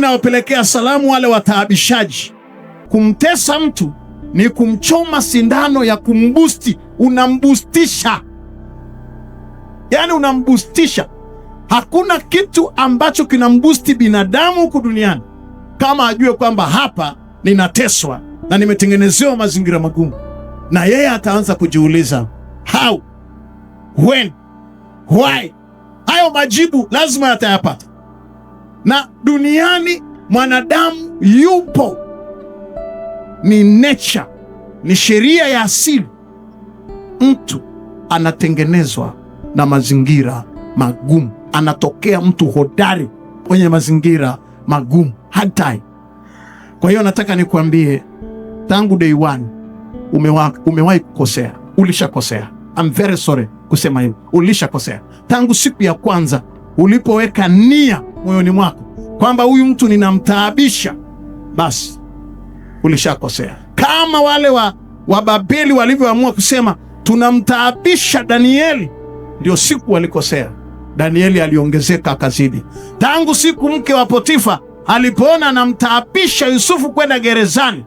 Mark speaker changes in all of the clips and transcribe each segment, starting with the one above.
Speaker 1: Nawapelekea salamu wale wataabishaji. Kumtesa mtu ni kumchoma sindano ya kumbusti, unambustisha, yaani unambustisha. Hakuna kitu ambacho kinambusti binadamu huku duniani kama ajue kwamba hapa ninateswa na nimetengenezewa mazingira magumu, na yeye ataanza kujiuliza how, when, why. Hayo majibu lazima yatayapata na duniani mwanadamu yupo, ni nature, ni sheria ya asili. Mtu anatengenezwa na mazingira magumu, anatokea mtu hodari kwenye mazingira magumu hatai. Kwa hiyo nataka nikuambie tangu day one umewa, umewahi kukosea, ulishakosea. I'm very sorry kusema hivyo, ulishakosea tangu siku ya kwanza ulipoweka nia moyoni mwako kwamba huyu mtu ninamtaabisha, basi ulishakosea. Kama wale wa Wababeli walivyoamua kusema tunamtaabisha Danieli, ndio siku walikosea. Danieli aliongezeka akazidi. Tangu siku mke wa Potifa alipoona anamtaabisha Yusufu kwenda gerezani,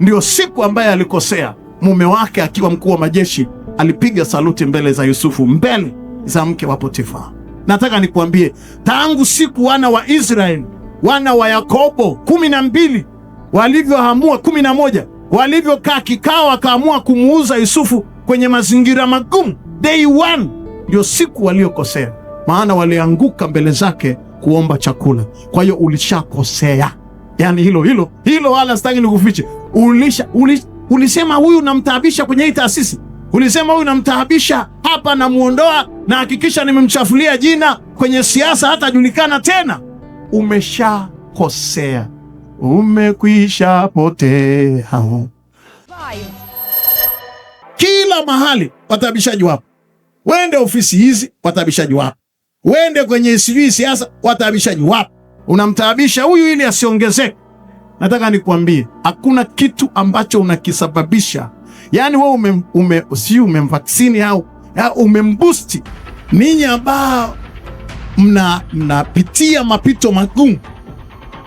Speaker 1: ndio siku ambaye alikosea. Mume wake akiwa mkuu wa majeshi alipiga saluti mbele za Yusufu, mbele za mke wa Potifa. Nataka nikuambie tangu siku wana wa Israeli wana wa Yakobo kumi na mbili walivyoamua kumi na moja walivyokaa kikao wakaamua kumuuza Yusufu kwenye mazingira magumu, day one ndio siku waliokosea, maana walianguka mbele zake kuomba chakula. Kwa hiyo ulishakosea, yaani hilo hilo hilo, wala sitaki nikufiche, ulisha ulisema huyu namtaabisha kwenye hii taasisi Ulisema huyu namtaabisha hapa, namuondoa na hakikisha nimemchafulia jina kwenye siasa, hatajulikana tena. Umeshakosea, umekwisha potea. Kila mahali wataabishaji wapo. Wende ofisi hizi, wataabishaji wapo. Wende kwenye sijui siasa, wataabishaji wapo. Unamtaabisha huyu ili asiongezeke. Nataka nikuambie, hakuna kitu ambacho unakisababisha yani wewe ume, ume, si umemvaksini au umembusti. Ninyi ambao mna mnapitia mapito magumu,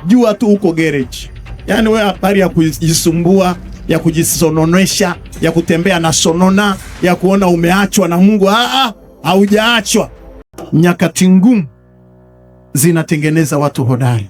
Speaker 1: jua tu uko gereji. Yaani wewe habari ya kujisumbua ya kujisononesha ya kutembea na sonona ya kuona umeachwa na Mungu, aa, ah, ah, haujaachwa. Nyakati ngumu zinatengeneza watu hodari.